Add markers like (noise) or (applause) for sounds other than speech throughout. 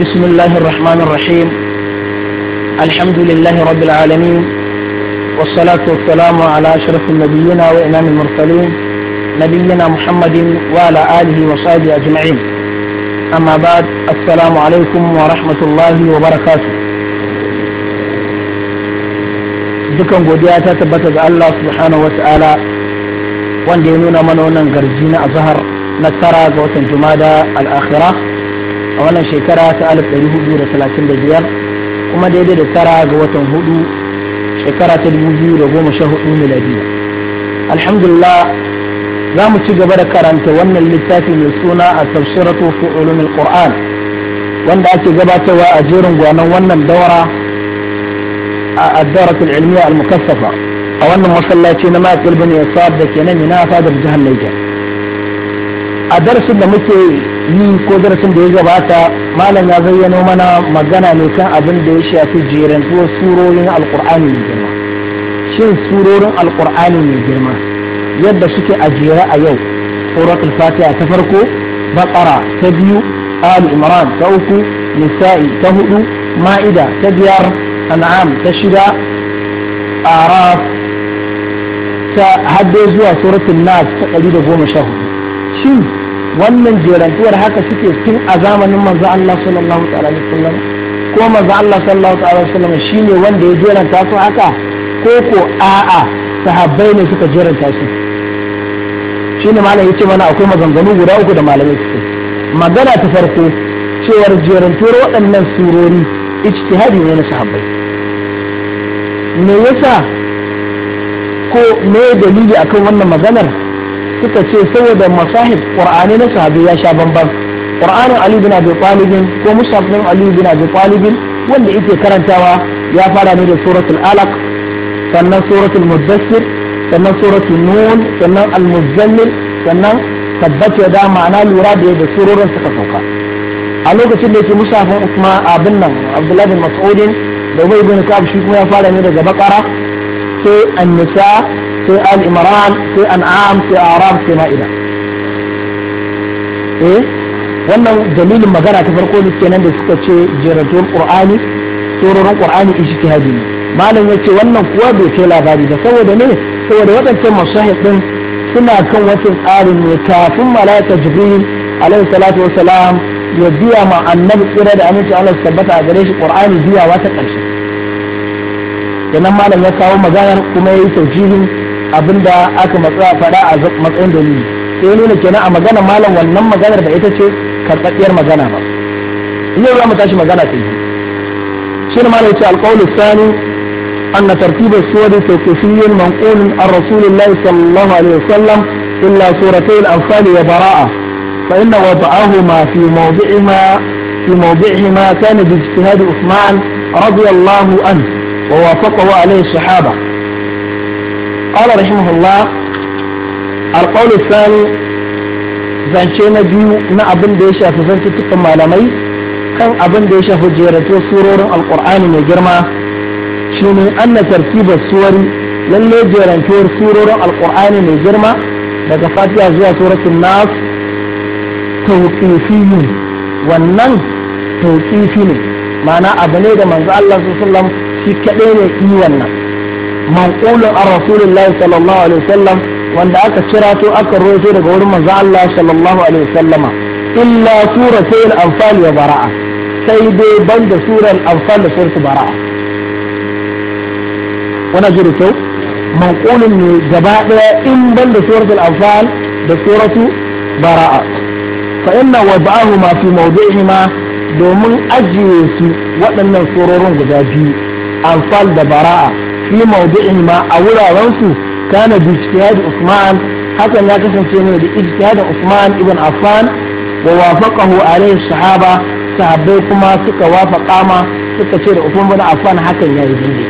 بسم الله الرحمن الرحيم الحمد لله رب العالمين والصلاة والسلام على أشرف النبيين وإمام المرسلين نبينا محمد وعلى آله وصحبه أجمعين أما بعد السلام عليكم ورحمة الله وبركاته dukan godiya ta tabbata ga Allah subhanahu wa ta'ala wanda ya nuna mana wannan garji na azhar na tara ga watan jumada al-akhirah a wannan shekara ta biyar kuma daidai da tara ga watan hudu shekara ta hudu miladiya alhamdulillah za mu ci gaba da karanta wannan littafi mai suna a tafsiratu fi ulumul qur'an wanda ake gabatarwa a jerin gwanon wannan daura a addaratul ilmiya al mukassafa a wannan masallaci na Michael bin Yasab da ke nan yana fadar jihar Niger a darasin da muke ni ko darasin da ya gabata malam ya zayyano mana magana ne kan abin da ya shafi jerantuwar surorin alkur'ani mai girma shin surorin alkur'ani mai girma yadda suke a jere a yau suratul fatiha ta farko baqara ta biyu al imran ta uku nisa'i ta hudu ma'ida ta biyar an'am ta shida Ara ta hadde zuwa suratul nas ta 114 shin wannan jerantuwar haka suke tun a zamanin manzo Allah sallallahu alaihi wasallam ko manzo Allah sallallahu alaihi wasallam shine wanda ya jeranta su haka ko ko a'a sahabbai ne suka jeranta su shine malam yace mana akwai maganganu guda uku da malamai suke magana ta farko cewar jerantuwar waɗannan surori ijtihadi ne na sahabbai me yasa ko me dalili akan wannan maganar suka ce saboda masahib qur'ani na sahabi ya sha bamban qur'anin ali bin abi talib ko musaf bin ali bin abi wanda yake karantawa ya fara ne da suratul alaq sannan suratul mudaththir sannan suratul nun sannan al-muzammil sannan tabbata da ma'ana lura da yadda surorin suka sauka a lokacin da yake musafin usman abin nan abdullahi mas'udin da ubay bin ka'ab shi kuma ya fara ne daga bakara sai an-nisa sai al sai an'am sai aram sai ma'ida eh wannan dalilin magana ta farko ne kenan da suka ce jiratun qur'ani surorin ƙur'ani ijtihadi ne malam ya ce wannan kuwa bai kai labari ba saboda ne saboda waɗancan masahih ɗin, suna kan wata tsarin ne kafin malaika jibril alaihi salatu Salam ya biya ma annabi tsira da aminci Allah tabbata a gare shi qur'ani biyawa ta ƙarshe kenan malam ya kawo maganar kuma ya yi taujihin abin da aka matsa faɗa a matsayin dalili sai nuna kenan a magana malam wannan maganar da ita ce karɓaɓɓiyar magana ba yau za mu tashi magana ta yi shi ne malam ce alƙawul sani anna tartibar suwari tawqifiyyun manqulun an rasulillahi sallallahu alaihi wasallam illa suratai al-anfal wa bara'a fa inna wada'ahuma fi mawdi'ihima في موضعهما كان باجتهاد عثمان رضي الله عنه ووافقه عليه الصحابه قال رحمه الله القول الثاني zance na biyu na abin da ya shafi zantuttukan malamai kan abin da ya shafi jeratun surorin alkur'ani mai girma shi ne an na tartibar suwari lalle jerantuwar surorin alkur'ani mai girma daga Fatiya zuwa suratun nas tauqifiyun wannan tauqifi ne ma'ana abu ne da manzo Allah sallallahu alaihi shi kaɗai ne yi wannan manqulun an rasulillahi sallallahu alaihi wasallam wanda aka kira to aka roto daga wurin manzo Allah sallallahu alaihi wasallama illa suratul anfal wa bara'a sai dai banda surar anfal da suratul bara'a wannan jira kyau manqulun ne gaba daya in banda suratul anfal da suratul bara'a fa inna wada'ahuma fi mawdi'ihima domin ajiye su waɗannan sororin guda biyu anfal da bara'a fi mawdu'in ma a wuraren su kana bi ijtihad Usman hakan ya kasance ne da ijtihad Usman ibn Affan wa wafaqahu alayhi sahaba sahabbai kuma suka wafaka ma suka ce da Usman ibn Affan hakan yayi daidai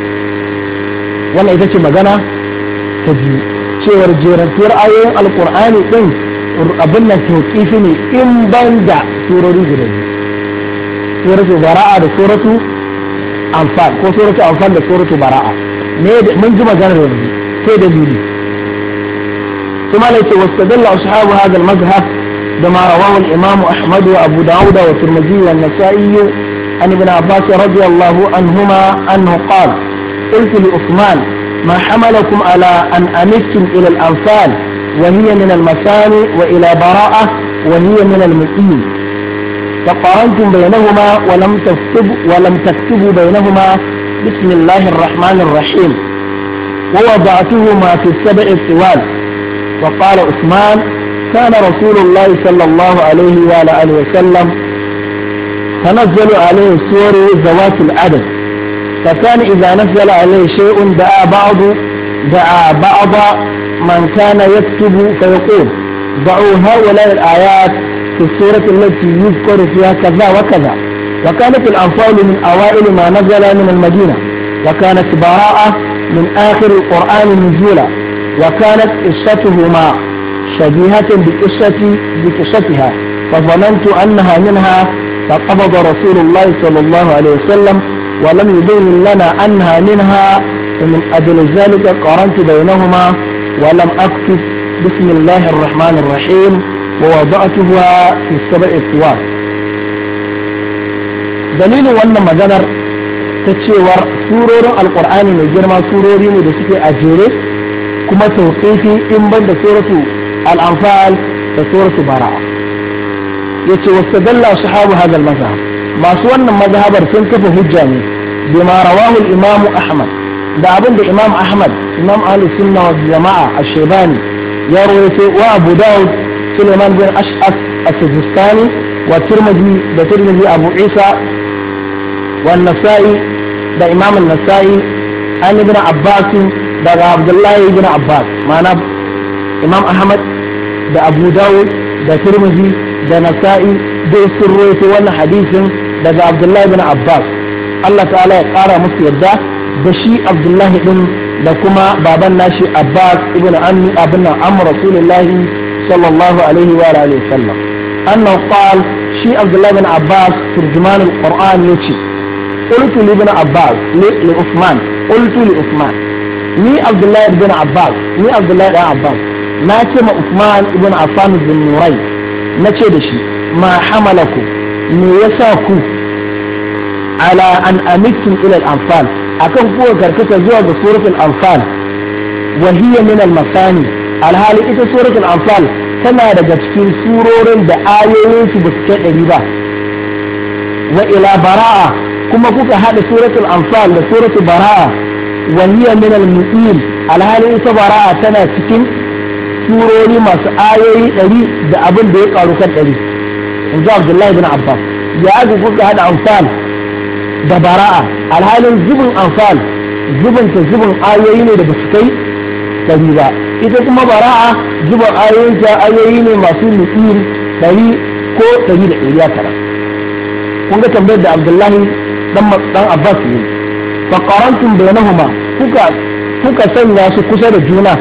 wannan ita ce magana ta ji cewar jerantuwar ayoyin alkur'ani din abin nan tauƙifi ne in ban da surori guda biyu suratu bara'a da suratu anfal ko suratu anfal da suratu bara'a من جمع جانر ودي ثم ليس واستدل أصحاب هذا المذهب بما رواه الإمام أحمد وأبو داود والترمذي والنسائي عن ابن عباس رضي الله عنهما أنه قال قلت لأثمان ما حملكم على أن أمتم إلى الأنفال وهي من المساني وإلى براءة وهي من المسيح فقارنتم بينهما ولم تكتبوا ولم تكتبوا بينهما بسم الله الرحمن الرحيم ووضعتهما في السبع الطوال وقال عثمان كان رسول الله صلى الله عليه وعلى آله وسلم تنزل عليه سور ذوات العدد فكان إذا نزل عليه شيء دعا بعض دعا بعض من كان يكتب فيقول ضعوا هؤلاء الآيات في السورة التي يذكر فيها كذا وكذا وكانت الأنفال من أوائل ما نزل من المدينة وكانت براءة من آخر القرآن نزولا وكانت قصتهما شبيهة بقصة بقصتها فظننت أنها منها فقبض رسول الله صلى الله عليه وسلم ولم يبين لنا أنها منها ومن أجل ذلك قارنت بينهما ولم أكتب بسم الله الرحمن الرحيم ووضعتها في السبع الطوال dalilin wannan maganar ta cewar surorin alkur'ani mai girma surori ne da suke a jere kuma tausifi in ban da suratu al'amfal da suratu bara'a yace wastadalla sahabu hadal mazhab masu wannan mazhabar sun kafa hujja ne bima rawahu al-imam ahmad da abin da imam ahmad imam ahlus sunna wal jama'a ash-shaybani ya rawaito wa abu daud suleiman bin ash'ab as-sijistani wa tirmidhi da tirmidhi abu isa والنسائي ده إمام النسائي عن ابن عباس ده عبد الله بن عباس معناه إمام أحمد ده أبو داود ده ترمذي ده نسائي ده سرويت ولا حديث ده عبد الله بن عباس الله تعالى قال مسير ده ده شي عبد الله بن da kuma baban nashi Abbas ibn Ammi abin nan amma Rasulullahi sallallahu alaihi wa alihi sallam annahu qal shi Abdullah bin Abbas turjuman al-Qur'an yace qultu li ibn abbas li usman qultu li usman ni abdullahi ibn abbas ni abdullahi ibn abbas na ce ma usman ibn affan bin nurai na ce da shi ma ku. me yasa ku ala an amiktum ila al-anfal akan kuwa karkata zuwa ga suratul anfal wa hiya min masani alhali ita suratul anfal tana daga cikin surorin da ayoyinsu ba su kai ɗari ba wa bara'a kuma kuka haɗa suratul anfal da suratul bara'a wa hiya min al mu'min alhali ita bara'a tana cikin surori masu ayoyi ɗari da abin da ya ƙaru kan ɗari in ji abdullahi bin abbas ya aka kuka haɗa anfal da bara'a alhalin zubin anfal zubinta zubin ayoyi ne da ba su kai ɗari ba ita kuma bara'a zubin ayoyin ta ayoyi ne masu mu'min ɗari ko ɗari da ɗari ya tara kun ga tambayar da abdullahi dan abbas ne fa qarantum bainahuma kuka kuka sanya su kusa da juna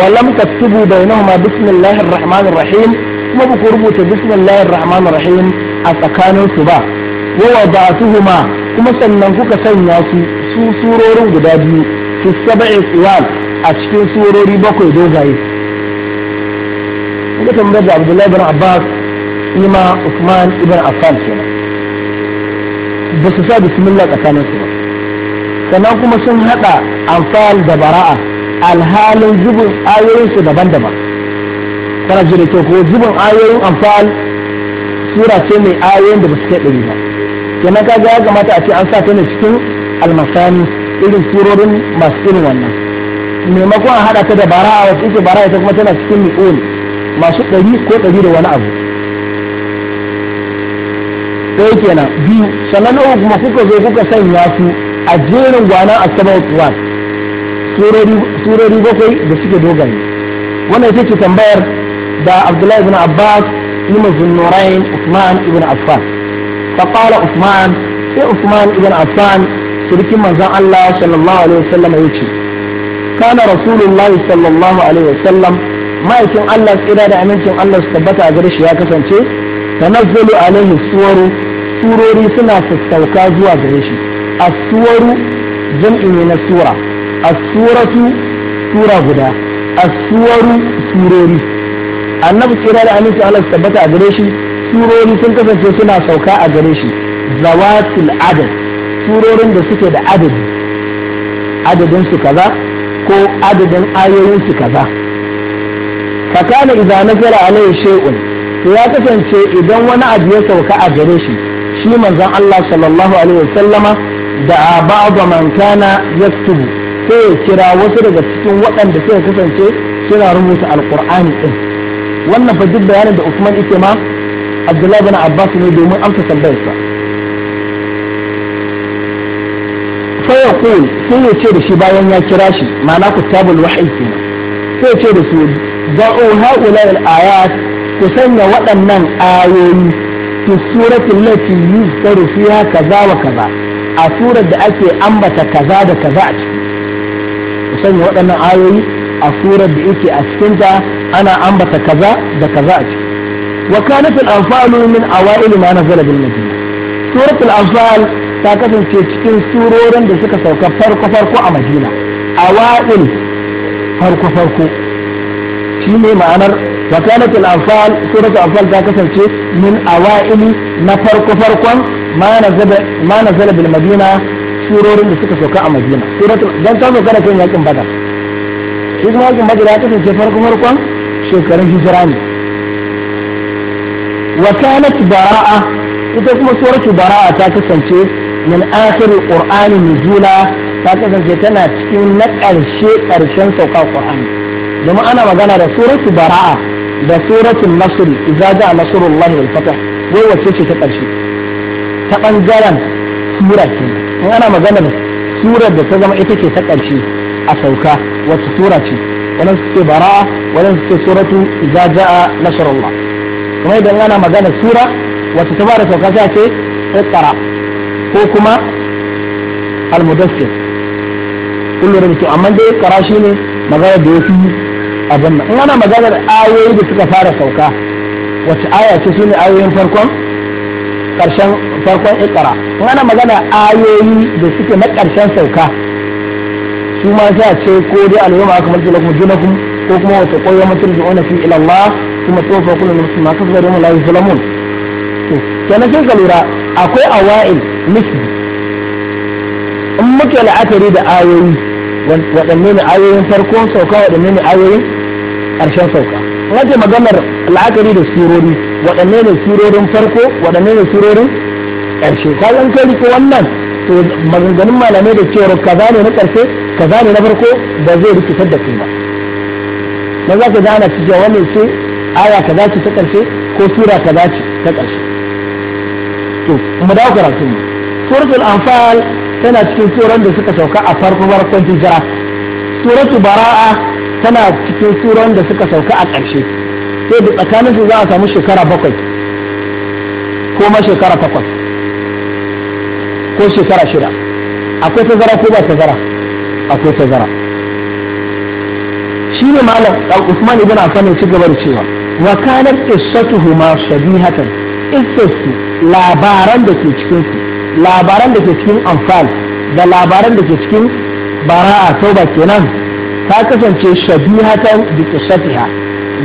wa lam taktubu bainahuma bismillahir rahmanir rahim kuma ba ku rubuta bismillahir rahmanir rahim a tsakanin su ba wa wada'tuhuma kuma sannan kuka sanya su su surorin guda biyu su sab'i qiyal a cikin surori bakwai dogaye kuma tambayar da Abdullahi bin Abbas ima Usman ibn Affan kenan ba su sa bismillah tsakanin su ba sannan kuma sun hada anfal da bara'a alhalin zubin ayoyin su daban-daban kana da ko zubin ayoyin anfal sura ce mai ayoyin da ba su kai ɗari ba kenan kaga ya kamata a ce an sa ta ne cikin almasani irin surorin masu irin wannan maimakon a hada ta da bara'a wacce ita bara'a ta kuma tana cikin mi'ul masu ɗari ko ɗari da wani abu sai kenan biyu sannan na kuma kuka zo kuka sanya su a jerin gwanan asabar kuwan surori bakwai da suke dogari wannan ita ce tambayar da abdullahi ibn abbas ibn zunnurain usman ibn affan fara usman sai usman ibn affan sirkin manzan allah sallallahu alaihi wasallam ya ce kana rasulullahi sallallahu alaihi wasallam ma'aikin allah tsira da amincin allah su tabbata a gare shi ya kasance tanazzalu alaihi suwaru surori suna sassauka zuwa gare shi as-suwaru jam'i ne na sura as-suratu sura guda as-suwaru surori annabi tsira da aminci Allah tabbata a gare shi surori sun kasance suna sauka a gare shi zawatul adad surorin da suke da adadi adadin su kaza ko adadin ayoyin su kaza fakana idza nazara alayhi shay'un to ya kasance idan wani abu ya sauka a gare shi manzon Allah sallallahu alaihi wasallama da ba'd man kana yaktubu sai ya kira wasu daga cikin waɗanda suka kasance suna rubuta alkur'ani ɗin. wannan fa duk bayanin da Usman ike ma Abdullahi bin Abbas ne domin amsa tambayarsa fa yaqul sai ya ce da shi bayan ya kira shi ma'ana kutabul wahyi kenan sai ya ce da su da'u ha'ula ayat ku sanya waɗannan ayoyi fi suratin lati yuzkaru Rufiya kaza wa kaza a surar da ake ambata kaza da kaza a ciki kusan waɗannan ayoyi a surar da yake a cikin ta ana ambata kaza da kaza a ciki wa kanat al-anfalu min awail ma nazala bil madina suratul anfal ta kasance cikin surorin da suka sauka farko farko a madina awail farko farko shine ma'anar وكانت الأنفال سورة الأنفال ذاك من أوائل نفرق فرقا ما نزل ما نزل surorin da suka sauka a madina dan ta sauka da kan yakin badar shi kuma yakin badar ya farkon shekarun hijira ne bara'a ita kuma suratu bara'a ta kasance min akhir qur'ani nuzula ta kasance tana cikin na ƙarshe ƙarshen sauka qur'ani domin ana magana da suratu bara'a da suratun nasr idza ja'a nasrullahi wal fath wai wacce ce ta karshe ta bangaren sura ce in ana maganar surar da ta zama ita ce ta karshe a sauka wacce sura ce wannan su ce bara'a wannan su ce suratu idza ja'a nasrullah kuma idan ana magana sura wacce ta fara sauka sai ce iqra ko kuma al-mudaththir kullu rubutu amma dai iqra shine magana da yafi abin in ana maganar ayoyi da suka fara sauka wace aya ce shine ayoyin farkon karshen farkon ikara in ana magana ayoyi da suke na karshen sauka su ma za a ce ko dai al aka akmaltu lakum junakum ko kuma wace koyo mutum da ona fi ila Allah kuma tofa kullu nafsin ma kasabat da la yuzlamun to kenan sai ka lura akwai awail misli in muke la'akari da ayoyi waɗanne ne ayoyin farko sauka waɗanne ne ayoyin ƙarshen sauka wajen maganar la'akari da surori waɗanne ne surorin farko waɗanne ne surorin ƙarshe ka zan kai riko wannan to maganganun malamai da cewar kaza ne na ƙarshe kaza ne na farko ba zai rikitar da kai ba na za ka gana cewa wannan ce aya kaza ce ta ƙarshe ko sura kaza ce ta ƙarshe to mu dawo karatu mu suratul anfal tana cikin suran da suka sauka a farko farkon hijira suratu bara'a tana cikin suran da suka sauka a ƙarshe sai da tsakanin su za a samu shekara bakwai ko ma shekara takwas ko shekara shida akwai tazara ko ba tazara akwai tazara shi ne malam usman ibn affan ya ci gaba da cewa wa kanat qissatuhuma shabihatan su labaran da ke cikin su labaran da ke cikin amfal da labaran da ke cikin bara'a tauba kenan ta kasance shabihatan bi qissatiha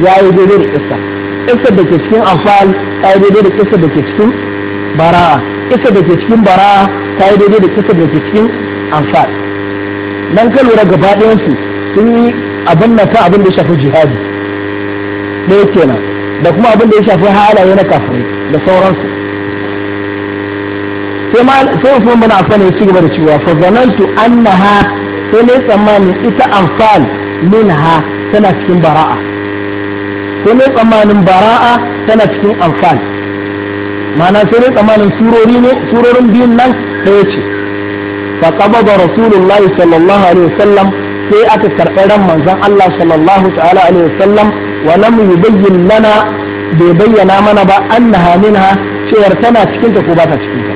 yayi daidai da qissa qissar da ke cikin amfal ta yi daidai da qissar da ke cikin bara'a qissar da ke cikin bara'a ta yi daidai da qissar da ke cikin amfal dan kan lura gaba ɗayan su sun yi abin na ta abin da ya shafi jihadi ɗaya kenan da kuma abin da ya shafi halaye na kafirai da sauransu sai ma sai Usman bin Affan ya gaba da cewa fa zanantu annaha sai ne tsammanin ita anfal minha tana cikin bara'a sai ne tsammanin bara'a tana cikin anfal ma'ana sai ne tsammanin surori ne surorin biyun nan ɗaya ce fa qabada rasulullah sallallahu alaihi wasallam sai aka karɓi ran manzon Allah sallallahu ta'ala alaihi wasallam wa lam yubayyin lana bai bayyana mana ba annaha minha cewar tana cikin ta ko ba ta cikin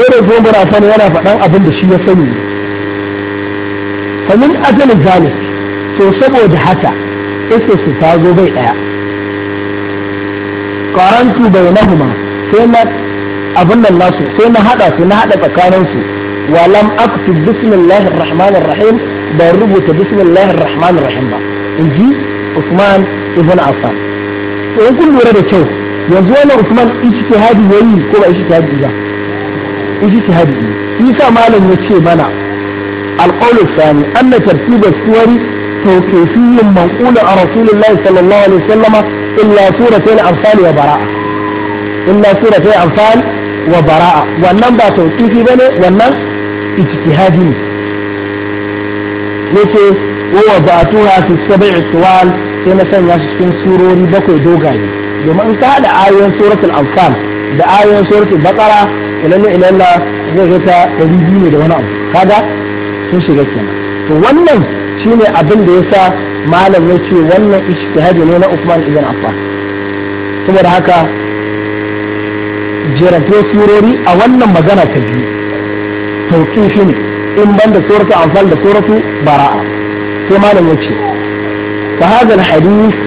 goro zuwan na sani yana faɗan abin da shi ya sani famin ajalin zalik to saboda haka isa su ta zo bai ɗaya karantu bai nahuma sai na abin nan nasu sai na haɗa su na haɗa tsakaninsu walam aktu bismillahir rahmanir rahim da rubuta bismillahir rahmanir rahim ba in ji usman ibn affan to in kun lura da kyau yanzu wannan usman ijtihadi yayi ko ba ijtihadi ba ijtihadi sa malam yace mana alqawlu thani anna tartiba suwari توقيفي منقول an رسول الله صلى الله عليه وسلم إلا سورة الأنفال وبراءة إلا سورة wa bara'a wannan ba tauƙifi bane wannan ijtihadi ne yace wa ba a tura su sabai tuwal sai na sanya shi cikin surori bakwai dogaye domin in ka haɗa ayoyin suratul anfal da ayoyin suratul baqara ilalle ilalla zai ga ta ɗari biyu da wani abu kaga sun shiga kenan to wannan shine abin da yasa malam ya ce wannan ijtihadi ne na Uthman ibn Affan saboda haka jirage surori a wannan magana ta biyu tauki shi ne in ban da suratu anfal da suratu bara'a sai malam ya ce fa hadha al-hadith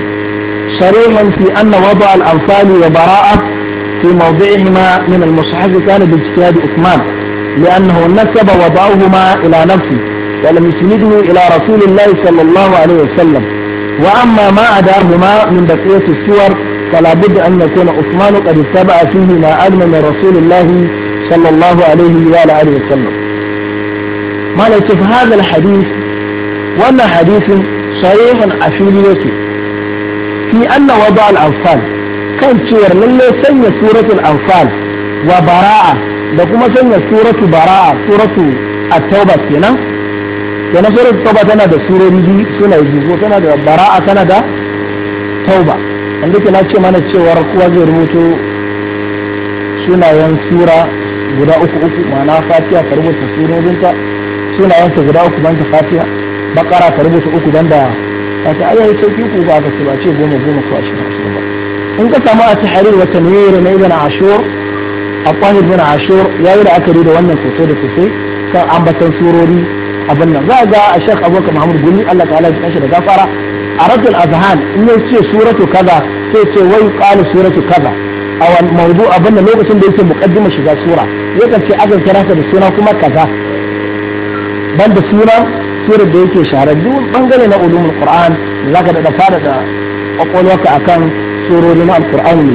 صريح في أن وضع الأنفال bara'a. في موضعهما من المصحف كان باجتهاد عثمان لأنه نسب وضعهما إلى نفسه ولم يسنده إلى رسول الله صلى الله عليه وسلم وأما ما عداهما من بقية السور فلا بد أن يكون عثمان قد اتبع فيه ما علم من رسول الله صلى الله عليه وعلى آله وسلم ما ليس هذا الحديث وأن حديث صريح عفيليته في أن وضع الأنفال kan cewar lalle sanya suratul anfal wa bara'a da kuma sanya suratu bara'a suratu at-tauba kenan kenan suratu tauba tana da surori biyu suna biyu ko tana da bara'a tana da tauba wanda ke na ce mana cewar kowa zai rubuto sunayen sura guda uku uku ma'ana fatiha ka rubuta surorinta ta guda uku banta fatiha bakara ka rubuta uku banda fatiha ayyai sauki uku ba ka ce ba ce goma goma ko ashirin in ka samu a tahrir wa tanwir na ibn ashur abban ibn ashur yayi da akari da wannan sosai da sosai kan ambatan surori abin nan za ga a shek abubakar mahmud gumi allah ta'ala ya da gafara a ratul azhan in ya ce suratu kaza sai ce wai qalu suratu kaza a wani mawdu abin nan lokacin da yake muqaddima shiga sura yakan ce aka kira ta da suna kuma kaza banda sura surar da yake Duk bangare na ulumul qur'an zaka da fara da kwakwalwarka akan surori na alkur'ani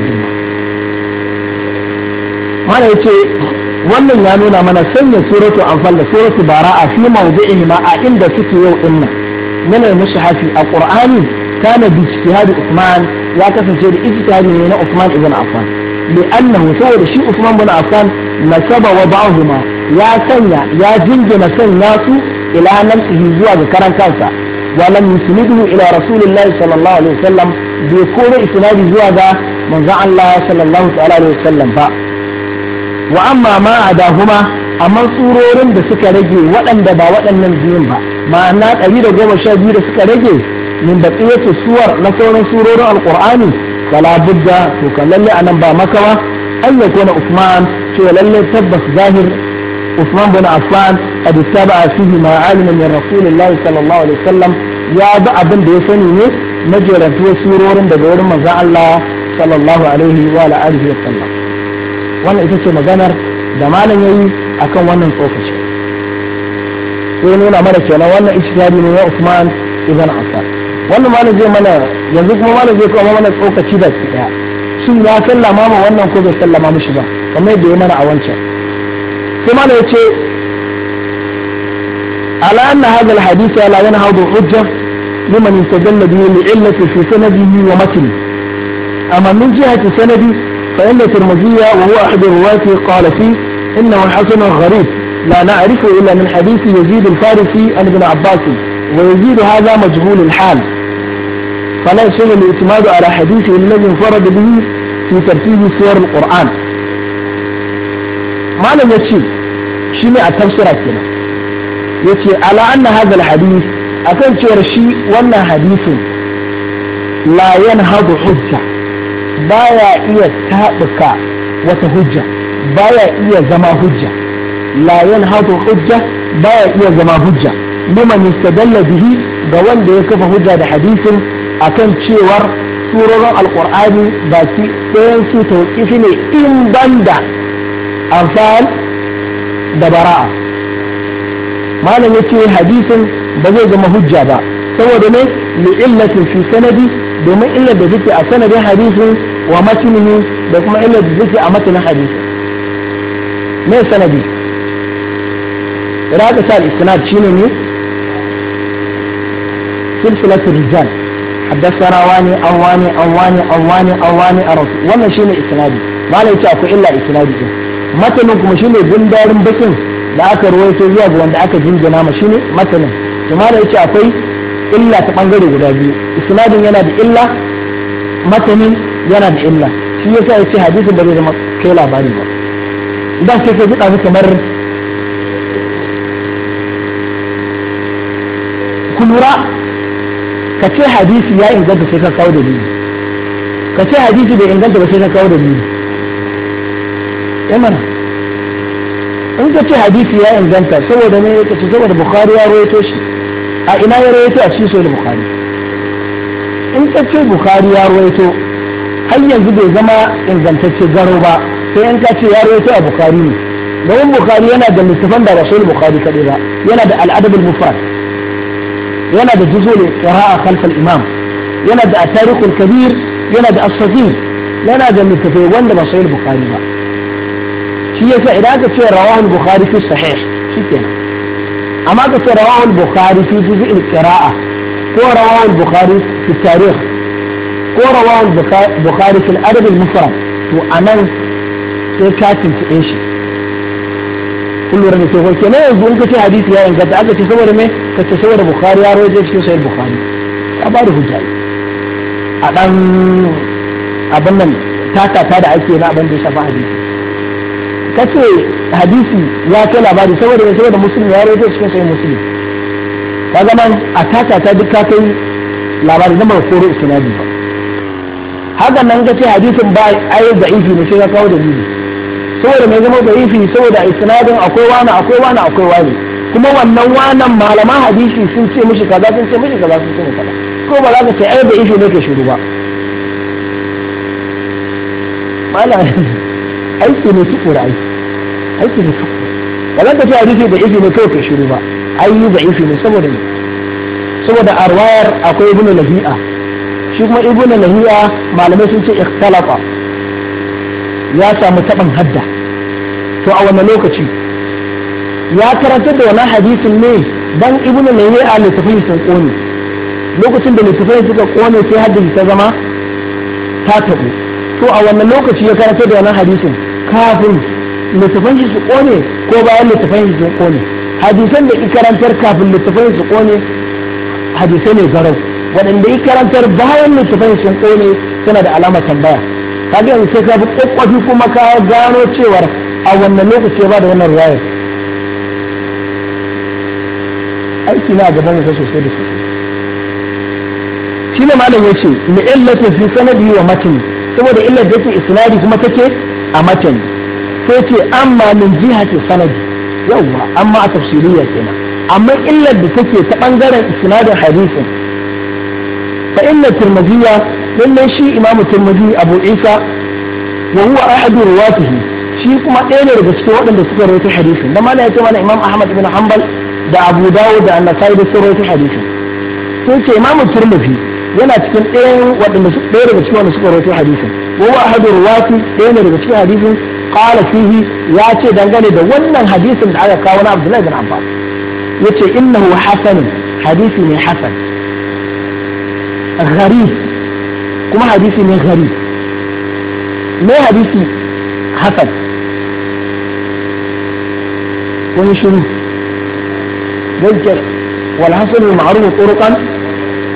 mana yace wannan ya nuna mana sanya suratu anfal da suratu a fi mawdi'in ma a inda suke yau din nan min al-mushafi a qur'ani kana bi ijtihadi usman ya kasance da ijtihadi ne na usman ibn affan li'annahu saboda shi usman ibn affan nasaba wa ba'dhuma ya sanya ya jingina sanya su ila nafsihi zuwa ga karan kansa wa lam yusnidu ila rasulillahi sallallahu alaihi wasallam bai kore isnadi zuwa ga manzon Allah sallallahu ta'ala alaihi wasallam ba wa amma ma adahuma amma tsurorin da suka rage waɗanda ba waɗannan biyun ba ma'ana ɗari da goma sha biyu da suka rage min da tsiyatu suwar na sauran surorin Alƙur'ani? fala budda to kallalle anan ba makawa an kona usman cewa lalle tabbas zahir Usman بن affan a اتبع فيه ما علم من رسول الله صلى ya عليه وسلم يا ابا ne majerantuwar surorin da wurin maza Allah sallallahu alaihi wa alihi wa sallam wannan ita ce maganar da malam yayi akan wannan tsokaci sai nuna mana kenan wannan ishtihadi ne ya Usman ibn Affan wannan malam zai mana yanzu kuma malam zai kawo mana tsokaci da su daya shin ya sallama ma wannan ko bai sallama mishi ba kamar yadda ya mana a wancan sai malam ya ce ala anna hadha alhadith la yanhadu hujjah لمن يستجل به لعلة في سنده ومتنه أما من جهة سنده فإن ترمزية وهو أحد الرواة قال فيه إنه حسن غريب لا نعرفه إلا من حديث يزيد الفارسي عن ابن عباس ويزيد هذا مجهول الحال فلا يسمى الاعتماد على حديثه الذي انفرد به في ترتيب سور القرآن ما يتشي شمع التفسير كده يتشي على أن هذا الحديث akan cewar shi wannan hadisin layan hagu hujja baya iya tabuka wata hujja baya iya zama hujja layan hagu hujja baya iya zama hujja liman yastadalla bihi ga wanda ya kafa hujja da hadisin akan cewar surorin alqur'ani baki ɗayan su tawqifi ne in banda asal da bara'a malam yace hadisin ba zai zama hujja ba saboda ne li illatin fi sanadi domin illar da take a sanadin hadisin wa matnihi da kuma illar da take a matanin hadisin me sanadi raka sa al-isnad shine ne silsilatul rijal ne an wani an wani an wani an wani a rasu wannan shine isnadi malai ce akwai illa isnadi din matanin kuma shine gundarin bakin da aka ruwaito zuwa ga wanda aka jinjina ma shine matanin kuma da akwai illa ta bangare guda biyu isnadin yana da illa matanin yana da illa shi yasa yace hadisin da zai zama kai labari ba idan sai ka ji ɗazu kamar kulura ka ce hadisi ya inganta sai ka kawo dalili ka ce hadisi bai inganta ba sai ka kawo dalili yamana in ka ce hadisi ya inganta saboda ne ka ce saboda bukhari ya rawaito shi a ina ya rawaito a cikin sahih bukari? in ka ce bukari ya rawaito har yanzu bai zama ingantacce garo ba sai in ka ce ya rawaito a bukari ne domin bukari yana da littafan da rasul bukari kadai ba yana da al'adab al-mufrad yana da juzul qira'a khalf al-imam yana da at-tarikh kabir yana da as-saghir yana da littafai wanda ba sahih bukari ba shi yasa idan aka ce rawahu al-bukhari fi sahih shikenan amma ka ce rawahu bukhari fi juz'i al-qira'a ko rawahu bukhari fi tarikh ko rawahu bukhari fi al-adab al-mufrad to anan sai ka tuntuɓe shi kun lura to ke ko yanzu in ka ce hadisi ya inganta aka ce saboda me ka ce saboda bukhari ya roje cikin sahih bukhari ya ba da hujja a dan abin nan takata da ake na abin da ya shafa hadisi kace hadisi ya kai labari saboda mai saboda musulmi ya rawaito cikin sai musulmi ka zama a taka ta duk ka kai labari na mai koro isnadi ba haka nan kace hadisin ba ai da ifi ne sai ka kawo da dalili saboda mai zama da ifi saboda isnadin akwai wani akwai wani akwai wani kuma wannan wannan malaman hadisi sun ce mishi kaza sun ce mishi kaza sun ce kaza ko ba za ka ce ai da ifi ne ke shiru ba malam (laughs) aiki ne su tukura aiki aiki ne ba za ka ce hadisi da ifi ne kawai ka shiru ba ai da ifi ne saboda ne saboda a ruwayar akwai ibnu lahi'a shi kuma ibnu lahi'a malamai sun ce ikhtalafa ya samu taban hadda to a wannan lokaci ya karanta da wani hadisin ne dan ibnu lahi'a littafin sun kone lokacin da littafin suka kone sai haddin ta zama ta tabu to a wannan lokaci ya karanta da wani hadisin kafin littafan shi su kone ko bayan littafan shi su kone hadisan da ikarantar kafin littafan su kone hadisai ne garau waɗanda ikarantar bayan littafan su kone suna da alama tambaya kaga yanzu sai ka bi kokkofi kuma ka gano cewar a wannan lokaci ba da wannan riwayar aiki na gaban ka sosai da sosai shi ne malam ya ce mu illatu fi sanadi wa matan saboda illar da ke isnadi kuma take a matan sai ce amma min jiha jihati sanadi yawwa amma a tafsiriyya kenan amma illar da take ta bangaren isnadin hadisin fa inna tirmidhiya lalle shi imamu tirmidhi abu isa wa huwa ahadu ruwatihi shi kuma ɗaya ne daga cikin waɗanda suka rawaito hadisin da malai ya mana imam ahmad bin hanbal da abu dawud da annasai da suka rawaito hadisin sai ce imamu tirmidhi yana cikin ɗayan waɗanda ɗaya daga cikin wanda suka rawaito hadisin wa huwa ahadu ruwati ɗaya ne daga cikin hadisin qala fihi ya ce dangane da wannan hadisin da aka kawo na Abdullahi bin Abbas yace innahu hasan hadisi ne hasan gharib kuma hadisi ne gharib me hadisi hasan wani shiru ذكر والحسن المعروف طرقا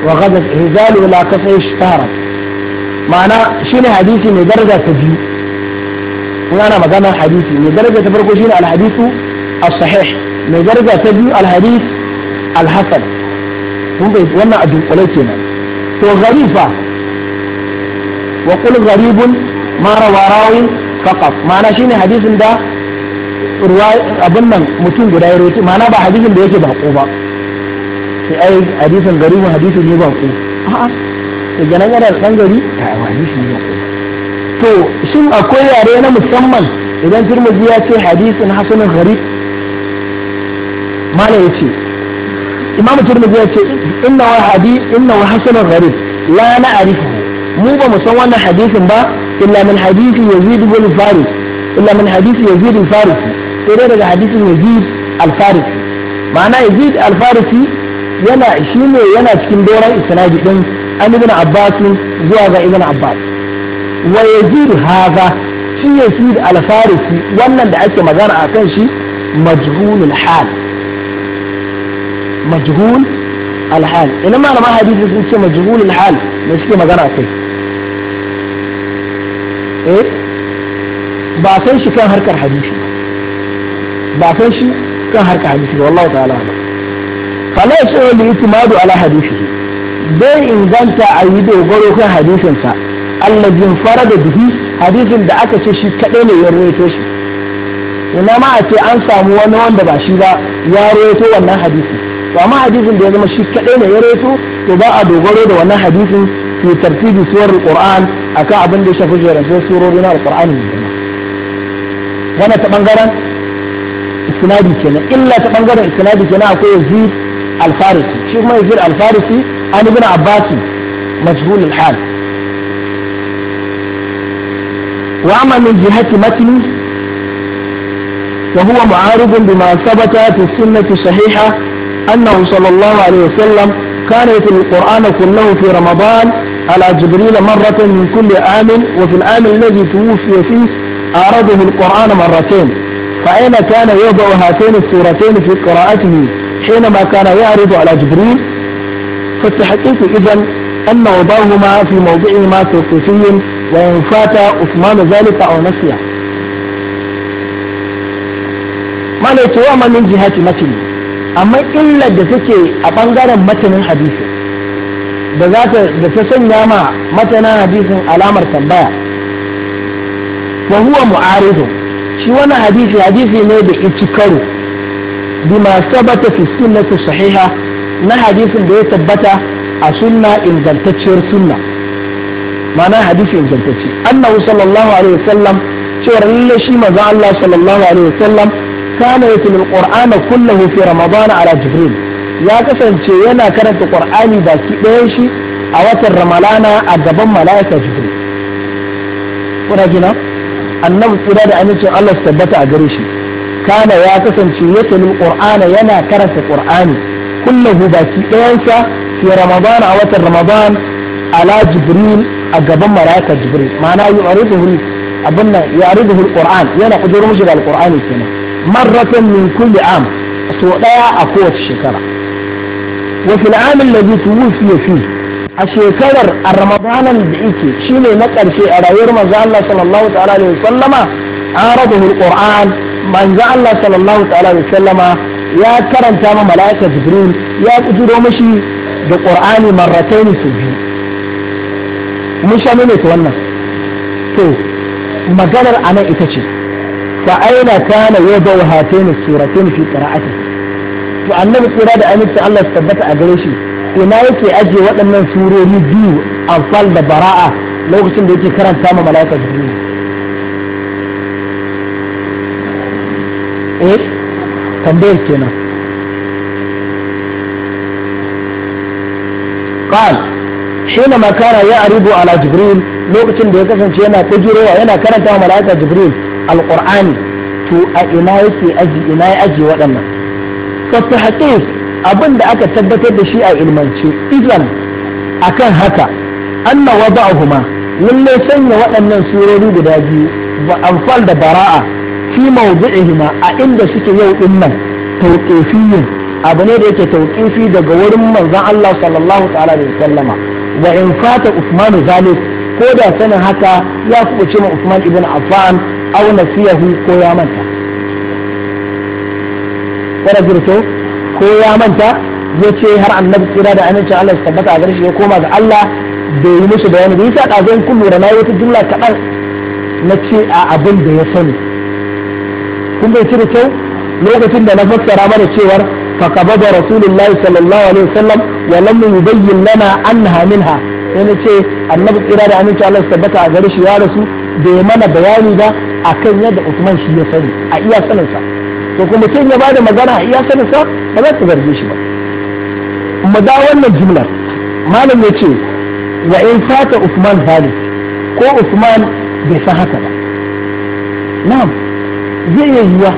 وغدا هزال ولا كسر اشتهرت معناه شنو ne من درجه تجيب in ana magana hadisi mai daraja ta farko shine alhadisu as-sahih mai daraja ta biyu alhadis alhasan hasan kun bai wannan a dunkule kenan to gharifa wa qul gharibun ma rawa rawi faqat ma'ana shine hadisin da abin nan mutum guda ya rawaito ma'ana ba hadisin da yake bako ba sai ai hadisin garibin hadisin ne bako a'a to ganan yana da dan gari a hadisi to shin akwai yare na musamman idan turmuzi ya ce hadisin hasanin gari mana ya ce imam turmuzi ya ce inna wa hadis inna wa hasanin gharib la na arifu mu ba mu san wannan hadisin ba illa min hadisi yazid bin faris illa min hadisi yazid bin faris sai dai daga hadisin yazid al-faris ma'ana yazid al-farisi yana shine yana cikin doran isnadi din an ibn abbas zuwa ga ibn abbas wa yajidu hadha shi yazid al-farisi wannan da ake magana kan shi majhulul hal majhul al-hal ina malama hadisi sun ce majhulul hal ne suke magana kai eh ba san shi kan harkar hadisi ba san shi kan harkar hadisi ba wallahi ta'ala fala yasulu litimadu ala hadisi bai inganta a yi dogaro kan hadisinsa allazin fara da bihi hadisin da aka ce shi kaɗai ne ya rawaito shi ina ma a ce an samu wani wanda ba shi ba ya rawaito wannan hadisi to amma hadisin da ya zama shi kaɗai ne ya rawaito to ba a dogaro da wannan hadisin fi tartibi suwar alquran akan abin da ya shafi jerin surori na alqur'ani wannan ta bangaren isnadi kenan illa ta bangaren isnadi kenan akwai yazid al-farisi shi kuma yazid al-farisi an ibn abbas majhul al-hal وأما من جهة متن وهو معارض بما ثبت في السنة الصحيحة أنه صلى الله عليه وسلم كان يتلو القرآن كله في رمضان على جبريل مرة من كل عام وفي العام الذي توفي فيه أعرضه القرآن مرتين فأين كان يوضع هاتين السورتين في قراءته حينما كان يعرض على جبريل فالتحقيق إذا أن وضعهما في موضعهما توقيفي وإن فات عثمان ذلك أو نسيه ما ليتوا من جهة متنه amma illar da take a ɓangaren matanin hadisi da za ta da ta sanya ma matanin hadisin alamar tambaya wa huwa mu'aridu shi wannan hadisi hadisi ne da ici karo bima sabata fi sunnati sahiha na hadisin da ya tabbata a sunna ingantacciyar sunna ma'ana hadisi ingantacce annahu sallallahu alaihi wasallam cewa lalle shi Allah sallallahu alaihi wasallam kana yatul qur'ana kullahu fi ramadan ala jibril ya kasance yana karanta qur'ani baki ɗayan shi a watan ramalana a gaban mala'ika jibril kuna jina annabi tsira da amincin Allah su tabbata a gare shi kana ya kasance yatul qur'ana yana karanta qur'ani kullahu baki ɗayan sa fi ramadan a watan ramadan ala jibril a gaban malaika jibril ma'ana yu'riduhu abin nan yu'riduhu quran yana kujiro mishi da alqurani kenan marratan min kulli am so daya a kowace shekara wa fil am alladhi tuwfiya fi a shekarar a ramadanan da yake shine na karshe a rayuwar manzo Allah sallallahu ta'ala alaihi wasallama aradahu quran manzo Allah sallallahu ta'ala alaihi wasallama ya karanta ma mala'ika jibril ya kuduro mashi da qur'ani marrataini su biyu mun sha ta wannan to maganar a nan ita ce fa aina kana yadau hatain suratain fi qira'ati to annabi tsira da amince Allah su tabbata a gare shi ina yake aje waɗannan surori biyu a fal da bara'a lokacin da yake karanta ma mala'ika jibril eh tambayar kenan قال shine ma ya aribu ala jibril lokacin da ya kasance yana ta jirowa yana karanta wa mala'ika jibril alqur'ani to a ina yake aji ina ya aji waɗannan fa abin da aka tabbatar da shi a ilmance idan akan haka anna wada'uhuma lalle sanya waɗannan surori guda biyu ba anfal da bara'a fi hima a inda suke yau din nan tawqifiyyin abu ne da yake tawqifi daga wurin manzon Allah sallallahu ta'ala alaihi wasallama wa in fata Usman zalik ko da sanin haka ya kuɓuce ma usman ibn affan aw nasiyahu ko ya manta kada girto ko ya manta ya ce har annabi kira da amincin Allah su tabbata a gare ya koma ga Allah bai yi musu bayani bai sa ɗazon kullu da na yi wata jumla kaɗan na ce a abin da ya sani kun bai ci kyau lokacin da na fassara mana cewar فقبض رسول الله صلى الله عليه وسلم ولم يبين لنا أنها منها yana ce annabi tsira da aminci Allah tabbata a gare shi ya rasu bai mana bayani ba akan yadda Usman shi ya sani a iya sa. to kuma sai ya bada magana a iya sa ba za ta zarge shi ba mu da wannan jimlar malam ya ce wa in fata Usman zalik ko Usman bai san haka ba na'am zai iya yiwa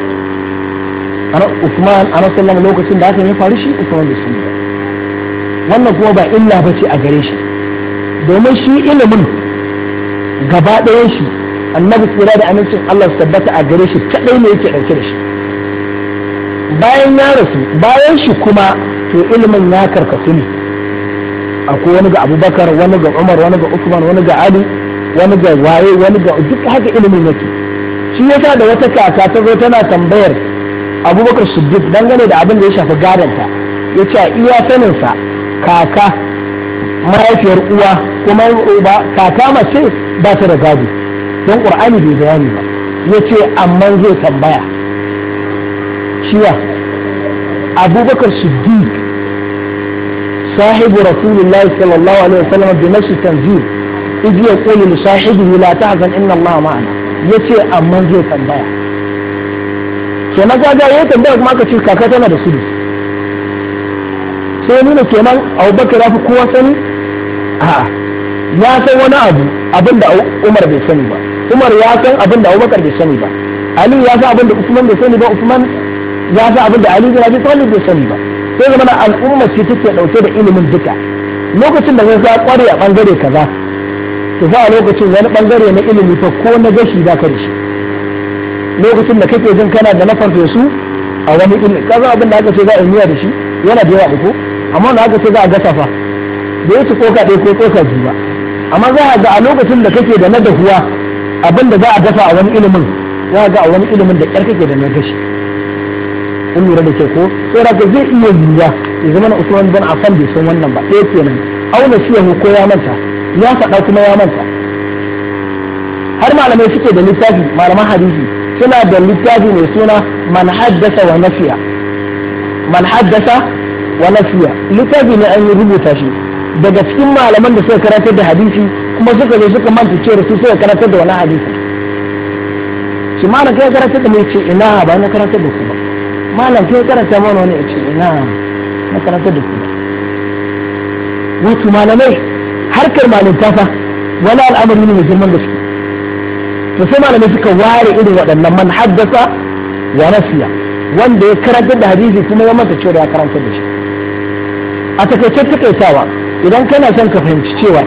Usman a lokacin da aka yi faru shi Usman da sunna wannan kuma ba illa ba ce a gare shi domin shi ilimin gaba ɗayan shi annabi tsira da amincin Allah su tabbata a gare shi kaɗai ne yake ɗauke da shi bayan ya rasu bayan shi kuma to ilimin ya karkasu ne akwai wani ga abubakar wani ga umar wani ga usman wani ga ali wani ga waye wani ga duk haka ilimin yake shi yasa da wata kaka ta zo tana tambayar abubakar siddiq dangane da abin da ya shafi gadonta, ya ce a iya saninsa kaka mahaifiyar uwa kuma uba kaka mace ba ta da gado don ƙur'ani bai bayani ba ya ce amma zai tambaya shiya abubakar siddiq sahibu rasulullahi sallallahu alaihi wasallam bi nafsi tanzil idh yaqulu li sahibihi la tahzan inna allaha ma'ana yace amma zai tambaya na kaga ya tambaya kuma aka ce kaka tana da sudu sai nuna kenan abubakar ya fi kowa sani a ya san wani abu abin da umar bai sani ba umar ya san abin da abubakar bai sani ba ali ya san abin da usman bai sani ba usman ya san abin da ali bin abi talib bai sani ba sai zama na al'umma ce take dauke da ilimin duka lokacin da zai kware a bangare kaza to fa a lokacin wani bangare na ilimi fa ko na gashi za ka da shi lokacin da kake jin kana da na farfesu a wani ilmi kaza abin da aka ce za a yi miya da shi yana da yawa ko amma da aka ce za a gasa fa da yake koka ɗaya ko koka biyu ba amma za a ga a lokacin da kake da na dahuwa abin da za a gasa a wani ilimin za a ga a wani ilimin da kyar kake da na gashi in lura da ke ko sai ka zai iya yiwuwa ya zama na usman bin affan bai san wannan ba ɗaya kenan auna shi yahu ko ya manta ya faɗa kuma ya manta har malamai suke da littafi malaman hadisi suna da littafi mai suna man haddasa wa nafiya man haddasa wa nafiya littafi ne an yi rubuta shi daga cikin malaman da suka karantar da hadisi kuma suka zo suka manta cewa su suka karantar da wani hadisi shi ma kai karantar da mai ce ina ba na karantar da ku ba malam kai karanta mana wani ya ce ina na karantar da ku ba wato malamai harkar malinta fa wani al'amari ne mai girman gaske to sai malamai suka ware irin waɗannan man haddasa wa nasiya wanda ya karanta da hadisi kuma ya mata cewa ya karanta da shi a takaice takaitawa idan kana son ka fahimci cewa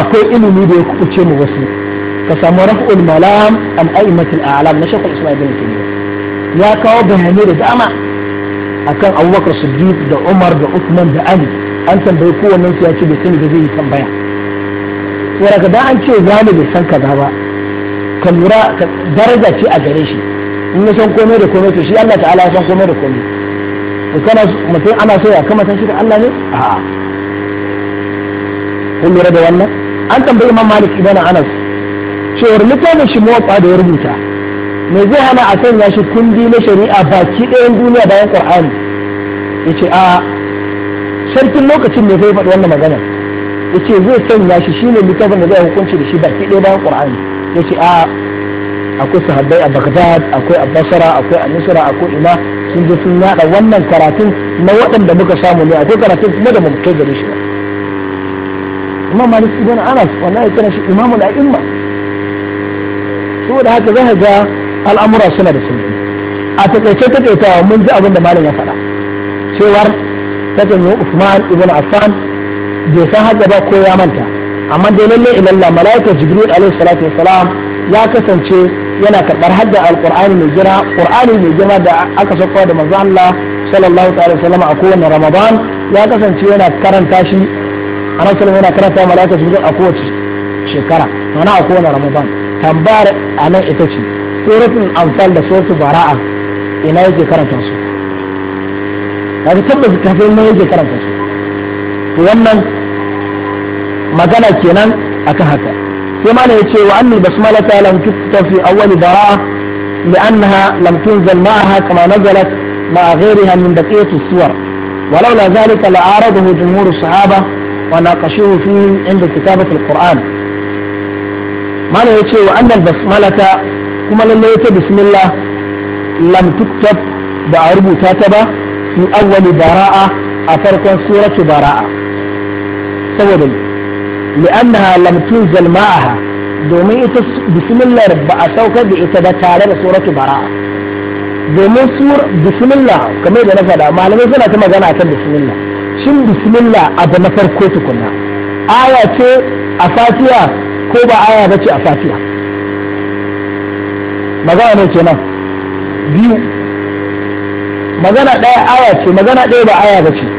akwai ilimi da ya kubuce mu wasu ka samu raf'ul malam an aimatul a'lam na shekul isma'il bin tayyib ya kawo bayanai da dama akan abubakar siddiq da umar da usman da ali an tambayi kowannen su ya ce bai sani da zai yi tambaya saboda da an ce mu bai san kaza ba ka lura ka daraja ce a gare shi in ya san komai da komai to shi Allah ta'ala ya san komai da komai to kana mutum ana so ya san shi da Allah ne a'a kun lura da wannan an tambayi Imam Malik ibn Anas cewar littafin shi motsa da ya rubuta me zai hana a sanya shi kundi na shari'a baki ɗayan duniya bayan Qur'ani yace a sarkin lokacin ne zai faɗi wannan maganar yace zai sanya shi shine littafin da zai hukunci da shi baki ɗaya bayan qur'ani yace a akwai sahabbai a Baghdad akwai a Basra akwai a Misra akwai ina sun je sun yada wannan karatun na waɗanda muka samu ne akwai karatun kuma da mu kai gare shi Imam Malik ibn Anas wallahi kana shi imamul a'imma saboda haka za ga al'amura suna da sauki a takaice takaitawa mun ji abin da malam ya faɗa cewar takan yi Usman ibn Affan bai san haka ba ko ya manta amma dai lalle ilalla malaikar jibril alaihi salatu wasalam ya kasance yana karɓar hadda alqur'ani mai jira qur'ani mai jira da aka sauka da manzo Allah sallallahu ta'ala wasallam a kowane ramadan ya kasance yana karanta shi annabi sallallahu yana karanta malaikar jibril a kowace shekara mana a kowane ramadan tambayar anan ita ce suratul anfal da suratul bara'a ina yake karanta su kaga tabbata kafin mai yake karanta su to wannan magana kenan akan haka sai mana ya ce wa annal basmala lam tukta fi awwal bara لأنها لم تنزل معها كما نزلت مع غيرها من بقية السور ولولا ذلك لعارضه جمهور الصحابة وناقشوه فيه عند كتابة القرآن ما لا يتشي وأن البسملة كما لليت بسم الله لم تكتب بعرب كاتبة في أول براءة أفرق سورة براءة saboda li'annaha lam tunzal ma'aha domin ita bismillah ba a saukar da ita ba tare da suratu bara'a domin sur bismillah kamar da na faɗa malamai suna ta magana kan bismillah shin bismillah abu na farko tukuna aya ce a fatiya ko ba aya bace a fatiya magana ne kenan biyu magana ɗaya aya ce magana ɗaya ba aya bace.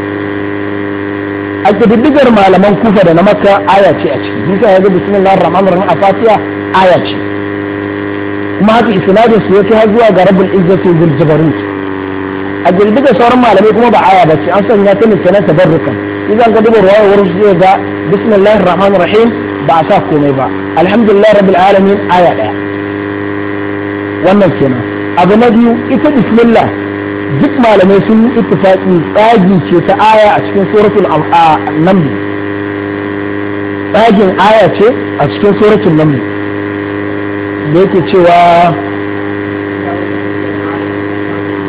a ƙididdigar malaman kufa da na makka aya ce a ciki bisa ya ga bismillahir rahmanir rahim a fatiya aya ce kuma haka isnadin su yake har zuwa ga rabbul izzati zul a ƙididdigar sauran malamai kuma ba aya ba ce an sanya ta ne sanan tabarrukan idan ka duba ruwaya wurin su zai ga bismillahir rahmanir rahim ba a sa komai ba alhamdulillah rabbil alamin aya daya wannan kenan abu na biyu ita bismillah duk malamai sun yi ittifaki tsagi ce ta aya a cikin suratul an naml tsagin aya ce a cikin suratul naml da yake cewa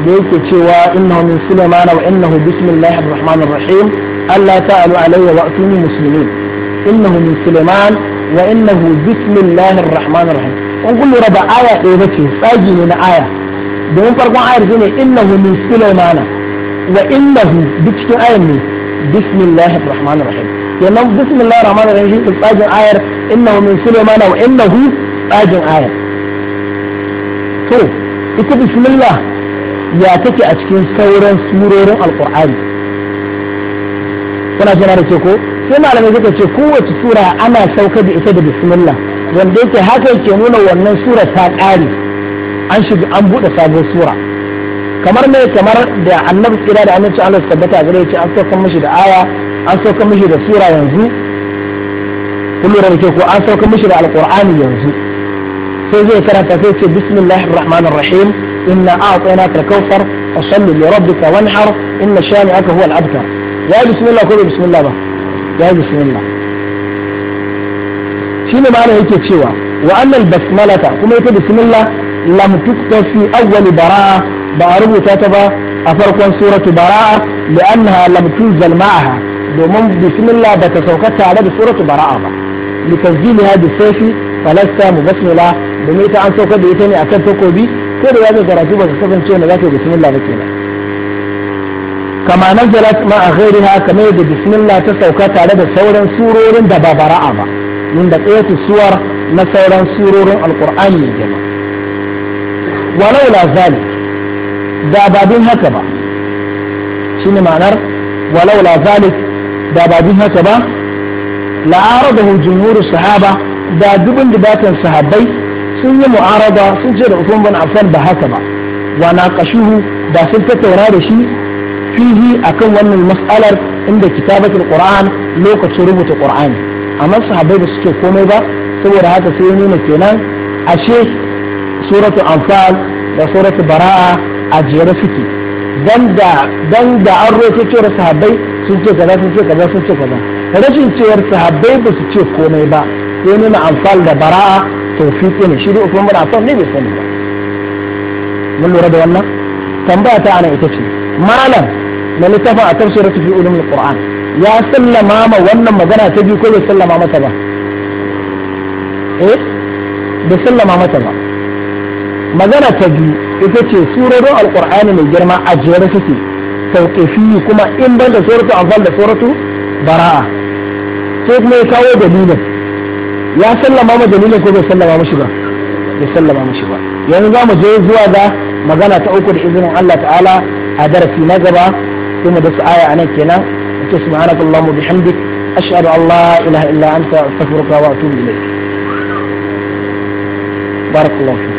da yake cewa innahu min sulaymana wa innahu bismillahi rahmanir rahim alla ta'alu alayya wa atuni muslimin innahu min sulayman wa innahu bismillahi rahmanir rahim kun kullu raba aya ɗaya bace tsagi ne na aya domin farkon ayar shine innahu min sulaimana wa innahu duk cikin ayar ne bismillahir rahmanir rahim kenan bismillahir rahmanir rahim shi tsajin ayar innahu min sulaimana wa innahu tsajin ayar to ita bismillah ya take a cikin sauran surorin alqur'ani kuna jira da ke ko sai malamai suka ce kowace sura ana saukar da ita da bismillah wanda yake haka yake nuna wannan sura ta ƙare an shiga an buɗe sabon sura kamar me kamar da annabi tsira da annabi Allah su tabbata gare ce an saukan mishi da aya an saukan mishi da sura yanzu kullu da ke ko an saukan mishi da alqur'ani yanzu sai zai karanta sai ce bismillahir rahmanir rahim inna a'tainaka al-kawthar fasalli li rabbika wanhar inna shani'aka huwa al-abtar ya bismillah ko bismillah ba ya bismillah shine ma'ana yake cewa wa annal basmalata kuma ita bismillah lam tukta fi awwal bara'a ba a rubuta ta ba a farkon suratu bara'a li'annaha lam tunzal ma'aha domin bismillah ba ta sauka tare da suratu bara'a ba litanziliha bi sayfi falasta mubasmila domin ita an sauka da ita ne akan takobi ko da yaji karatu ba ta kasance wanda za ta bismillah ba kenan kama nazalat ma'a ghairiha kamar da bismillah ta sauka tare da sauran surorin da ba bara'a ba min da qiyatu suwar na sauran surorin alqur'ani ne walau la zali da ba din haka ba ne ma'anar walau la zali da ba din haka ba la aradahu sahaba da dubin dubatan sahabbai sun yi mu'arada sun ce da Usman bin Affan ba haka ba wa naqashuhu da sun tattauna da shi fihi akan wannan mas'alar inda kitabatul Qur'an lokacin rubuta Qur'ani amma sahabbai ba su ce komai ba saboda haka sai ya nuna kenan ashe suratu anfal da suratu bara'a a jere suke don da an roƙe cewar sahabbai sun ce kaza sun ce kaza sun ce kaza rashin cewar sahabbai ba su ce komai ba sai nuna anfal da bara'a fi ne shi da Uthman bin Affan ne bai sani ba mun lura da wannan tambaya ta ana ita ce malam na littafin a tafsirin fi ulumul qur'an ya sallama ma wannan magana ta biyu ko bai sallama mata ba eh bai sallama mata ba magana ta biyu ita ce surorin alkur'ani mai girma a jere suke tauƙifi kuma in ban da suratu anfal da suratu bara'a sai kuma ya kawo dalilin ya sallama ma dalilin ko bai sallama mashi ba bai sallama mashi ba yanzu za mu je zuwa ga magana ta uku da izinin Allah ta'ala a darasi na gaba sai mu dasa aya anan kenan ake subhanakallahumma bihamdik ashhadu an la ilaha illa anta astaghfiruka wa atubu ilayk barakallahu